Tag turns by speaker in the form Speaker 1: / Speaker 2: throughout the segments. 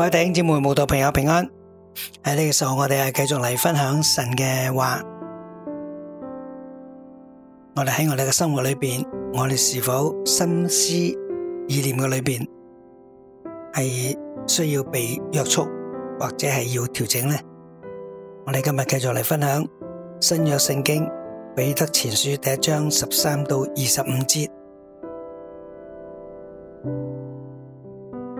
Speaker 1: 各位弟兄姊妹、慕道朋友平安。喺呢個時候，我哋係繼續嚟分享神嘅話。我哋喺我哋嘅生活裏邊，我哋是否心思意念嘅裏邊係需要被約束，或者係要調整呢？我哋今日繼續嚟分享新約聖經彼得前書第一章十三到二十五節。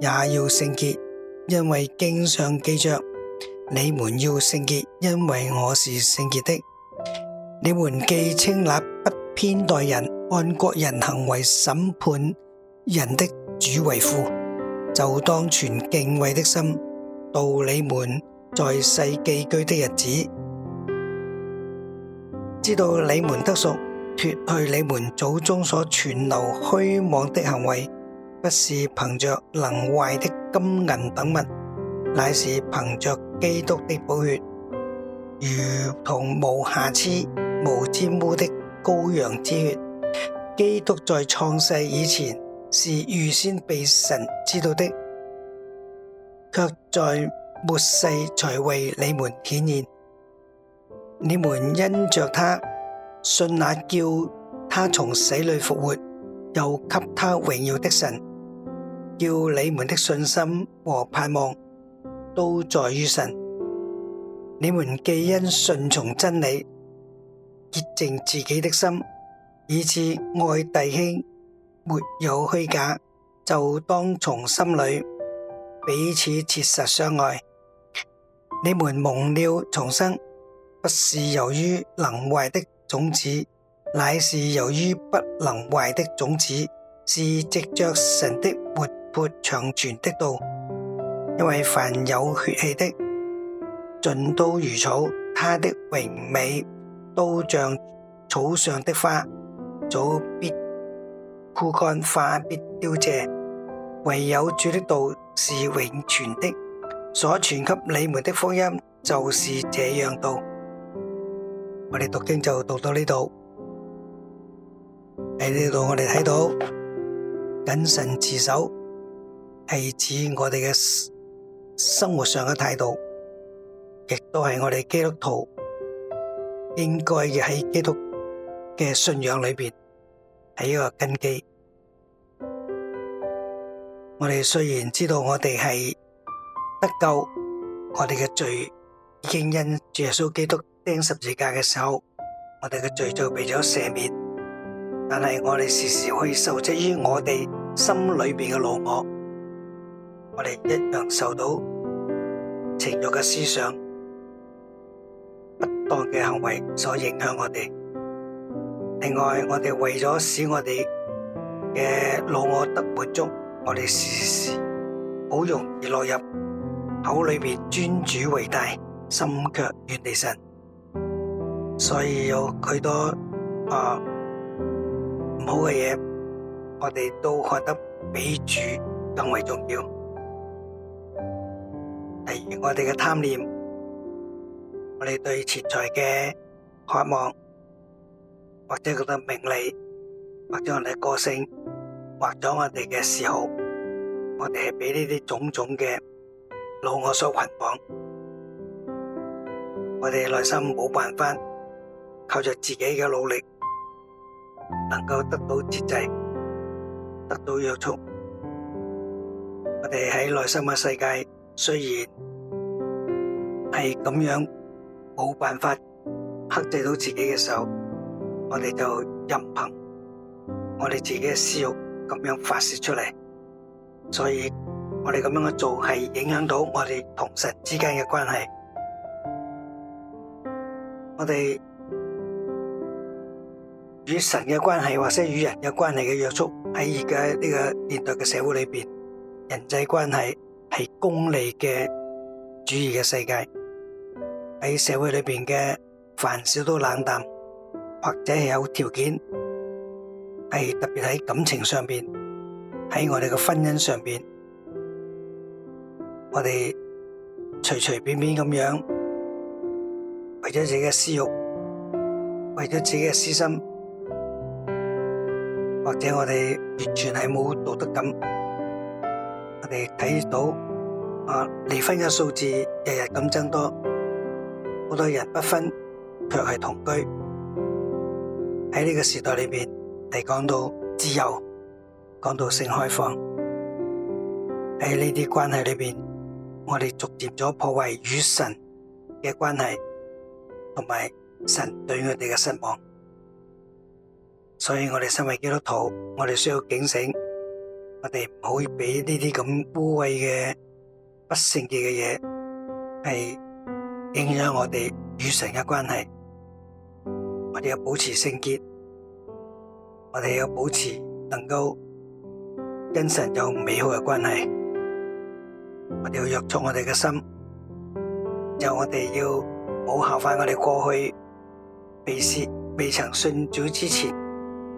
Speaker 1: 也要聖潔，因為經上記着：你們要聖潔，因為我是聖潔的。你們既清立不偏待人，按各人行為審判人的主為父，就當存敬畏的心度你們在世寄居的日子，知道你們得贖，脱去你們祖宗所傳流虛妄的行為。不是憑着能壞的金銀等物，乃是憑着基督的寶血，如同無瑕疵、無玷污的羔羊之血。基督在創世以前是預先被神知道的，卻在末世才為你們顯現。你們因着他信那叫他從死裏復活、又給他榮耀的神。要你們的信心和盼望都在於神。你們既因順從真理潔淨自己的心，以致愛弟兄沒有虛假，就當從心裏彼此切實相愛。你們蒙了重生，不是由於能壞的種子，乃是由於不能壞的種子，是藉着神的活。潑常存的道，因為凡有血氣的，盡都如草，他的榮美都像草上的花，草必枯乾，花必凋謝。唯有主的道是永存的，所傳給你們的福音就是這樣道。我哋讀經就讀到呢度，喺呢度我哋睇到謹慎自守。係指我哋嘅生活上嘅態度，亦都係我哋基督徒應該嘅喺基督嘅信仰裏邊係一個根基。我哋雖然知道我哋係得救，我哋嘅罪已經因耶穌基督釘十字架嘅時候，我哋嘅罪就被咗赦免，但係我哋時時可以受制於我哋心裏邊嘅老我。我哋一樣受到情欲嘅思想、不當嘅行為所影響我哋。另外，我哋為咗使我哋嘅老我得滿足，我哋時時好容易落入口裏邊尊主為大，心卻遠離神。所以有許多啊唔好嘅嘢，我哋都看得比主更為重要。我哋嘅貪念，我哋對錢財嘅渴望，或者覺得名利，或者我哋嘅個性，或者我哋嘅嗜好，我哋係俾呢啲種種嘅老我所捆綁，我哋內心冇辦法靠著自己嘅努力能夠得到節制，得到約束，我哋喺內心嘅世界。雖然係咁樣，冇辦法克制到自己嘅時候，我哋就任憑我哋自己嘅私欲咁樣發洩出嚟。所以我們這我們，我哋咁樣嘅做係影響到我哋同神之間嘅關係，我哋與神嘅關係或者與人有關係嘅約束，喺而家呢個年代嘅社會裏邊，人際關係。係功利嘅主義嘅世界，喺社會裏邊嘅凡事都冷淡，或者係有條件係特別喺感情上邊，喺我哋嘅婚姻上邊，我哋隨隨便便咁樣為咗自己嘅私慾，為咗自己嘅私心，或者我哋完全係冇道德感。我哋睇到啊離婚嘅數字日日咁增多，好多人不婚卻係同居喺呢個時代裏邊，係講到自由，講到性開放喺呢啲關係裏邊，我哋逐漸咗破壞與神嘅關係，同埋神對我哋嘅失望，所以我哋身為基督徒，我哋需要警醒。我哋唔可以俾呢啲咁污穢嘅不聖潔嘅嘢，係影響我哋與神嘅關係。我哋要保持聖潔，我哋要保持能夠跟神有美好嘅關係。我哋要約束我哋嘅心，就我哋要唔好效法我哋過去未涉、未曾信主之前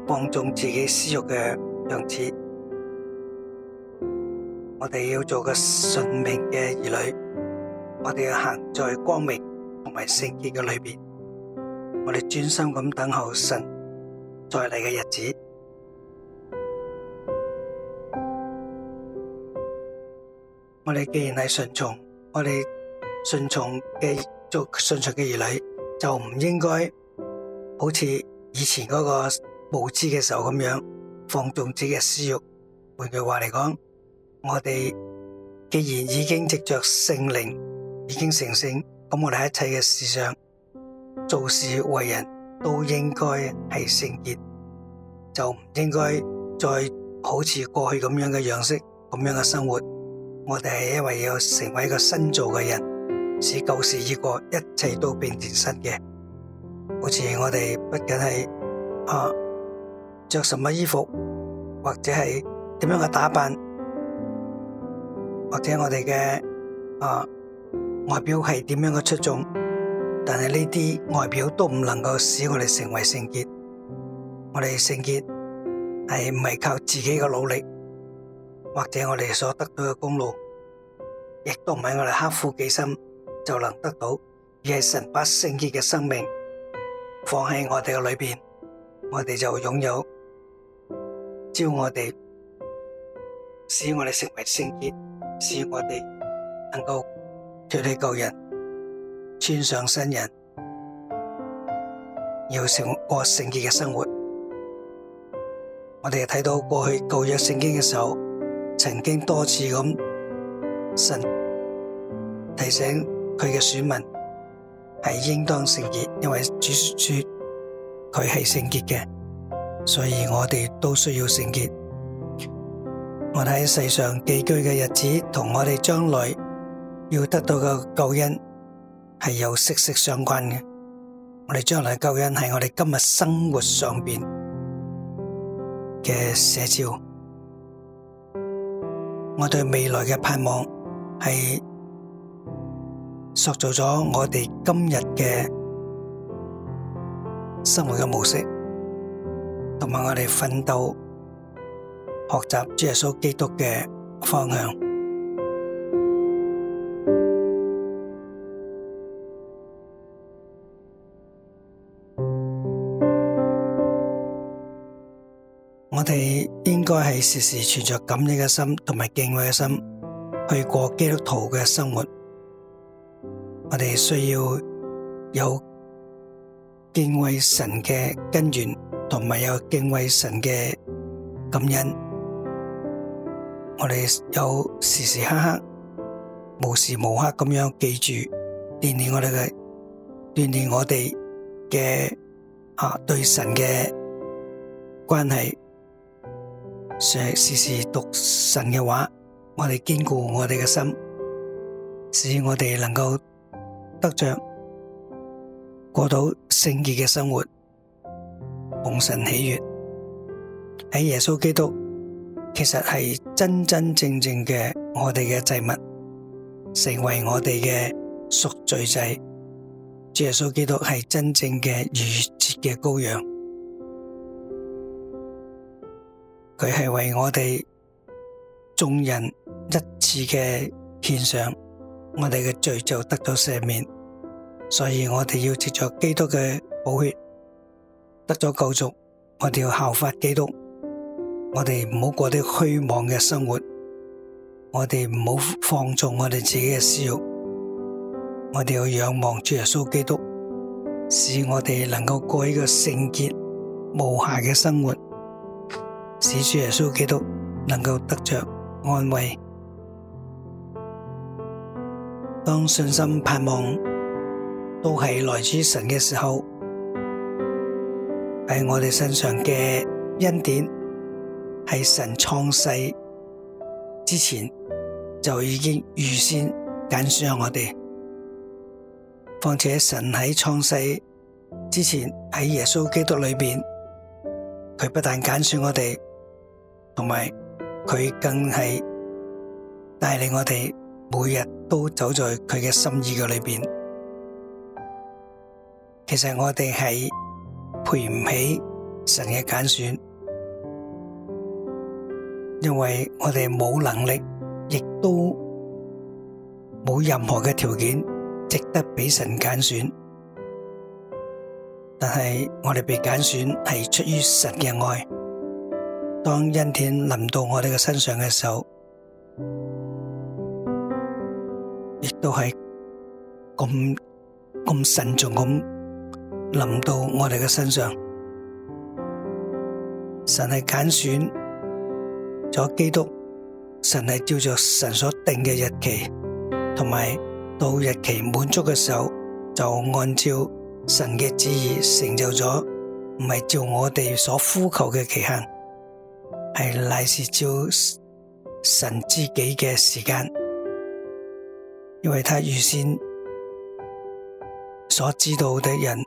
Speaker 1: 放縱自己私欲嘅樣子。我哋要做個順命嘅兒女，我哋要行在光明同埋聖潔嘅裏邊，我哋專心咁等候神再嚟嘅日子。我哋既然係順從，我哋順從嘅做順從嘅兒女，就唔應該好似以前嗰個無知嘅時候咁樣放縱自己嘅私慾。換句話嚟講，我哋既然已經藉着聖靈已經成聖，咁我哋喺一切嘅事上做事為人都應該係聖潔，就唔應該再好似過去咁樣嘅樣式咁樣嘅生活。我哋係因為要成為一個新造嘅人，使舊事已過，一切都變淡實嘅。好似我哋不僅係啊着什麼衣服，或者係點樣嘅打扮。或者我哋嘅啊外表係點樣嘅出眾，但係呢啲外表都唔能夠使我哋成為聖潔。我哋聖潔係唔係靠自己嘅努力，或者我哋所得到嘅功勞，亦都唔係我哋刻苦己心就能得到，而係神把聖潔嘅生命放喺我哋嘅裏邊，我哋就擁有，只要我哋使我哋成為聖潔。使我哋能夠脫離舊人，穿上新人，要成過聖潔嘅生活。我哋睇到過去舊約聖經嘅時候，曾經多次咁神提醒佢嘅選民係應當聖潔，因為主說佢係聖潔嘅，所以我哋都需要聖潔。我哋喺世上寄居嘅日子，同我哋將來要得到嘅救恩係有息息相關嘅。我哋將來嘅救恩係我哋今日生活上邊嘅寫照。我對未來嘅盼望係塑造咗我哋今日嘅生活嘅模式，同埋我哋奮鬥，學習主耶穌基督嘅方向，我哋應該係時時存着感恩嘅心，同埋敬畏嘅心，去過基督徒嘅生活。我哋需要有敬畏神嘅根源，同埋有敬畏神嘅感恩。我哋有時時刻刻無時無刻咁樣記住鍛煉我哋嘅，鍛煉我哋嘅，啊對神嘅關係，常時時讀神嘅話，我哋堅固我哋嘅心，使我哋能夠得着過到聖潔嘅生活，蒙神喜悅喺耶穌基督。其實係真真正正嘅我哋嘅祭物，成為我哋嘅贖罪祭。主耶穌基督係真正嘅逾節嘅羔羊，佢係為我哋眾人一次嘅獻上，我哋嘅罪就得咗赦免。所以我哋要藉着基督嘅寶血得咗救贖，我哋要效法基督。我哋唔好過啲虛妄嘅生活，我哋唔好放縱我哋自己嘅私欲，我哋要仰望主耶穌基督，使我哋能夠過一個聖潔、無瑕嘅生活，使主耶穌基督能夠得着安慰。當信心、盼望都係來自神嘅時候，喺我哋身上嘅恩典。係神創世之前就已經預先揀選我哋，況且神喺創世之前喺耶穌基督裏邊，佢不但揀選我哋，同埋佢更係帶領我哋每日都走在佢嘅心意嘅裏邊。其實我哋係賠唔起神嘅揀選。因為我哋冇能力，亦都冇任何嘅條件值得俾神揀選，但係我哋被揀選係出於神嘅愛。當恩典臨到我哋嘅身上嘅時候，亦都係咁咁慎重咁臨到我哋嘅身上。神係揀選。咗基督，神係照着神所定嘅日期，同埋到日期滿足嘅時候，就按照神嘅旨意成就咗，唔係照我哋所呼求嘅期限，係乃是照神自己嘅時間，因為他預先所知道的人，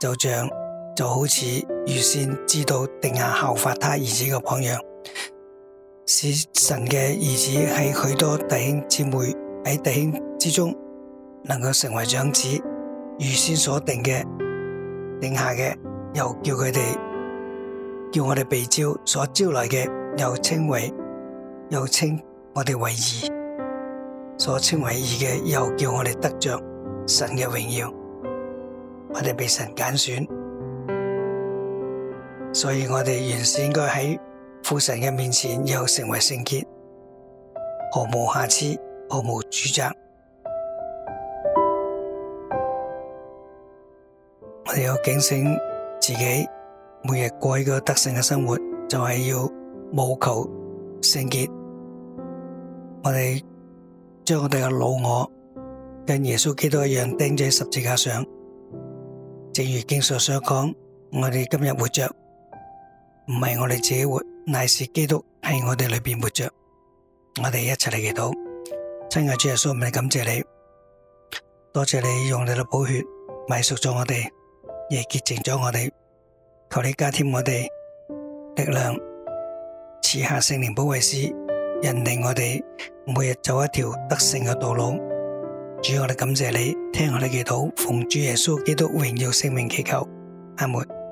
Speaker 1: 就像就好似預先知道定下效法他兒子嘅榜樣。使神嘅兒子喺許多弟兄姊妹喺弟兄之中能夠成為長子，預先所定嘅定下嘅，又叫佢哋叫我哋被召所招來嘅，又稱為又稱我哋為義，所稱為義嘅，又叫我哋得着神嘅榮耀，我哋被神揀選，所以我哋原先應該喺。父神嘅面前又成為聖潔，毫無瑕疵，毫無主責。我哋要警醒自己，每日過呢個得勝嘅生活，就係要務求聖潔。我哋將我哋嘅老我，跟耶穌基督一樣釘在十字架上。正如經上所講，我哋今日活着，唔係我哋自己活。乃是基督喺我哋裏邊活着，我哋一齊嚟祈禱。親愛的主耶穌，我哋感謝你，多謝你用你嘅寶血買贖咗我哋，亦潔淨咗我哋。求你加添我哋力量，賜下聖靈保惠師，引領我哋每日走一條得勝嘅道路。主，我哋感謝你，聽我哋祈禱，奉主耶穌基督榮耀聖名祈求，阿門。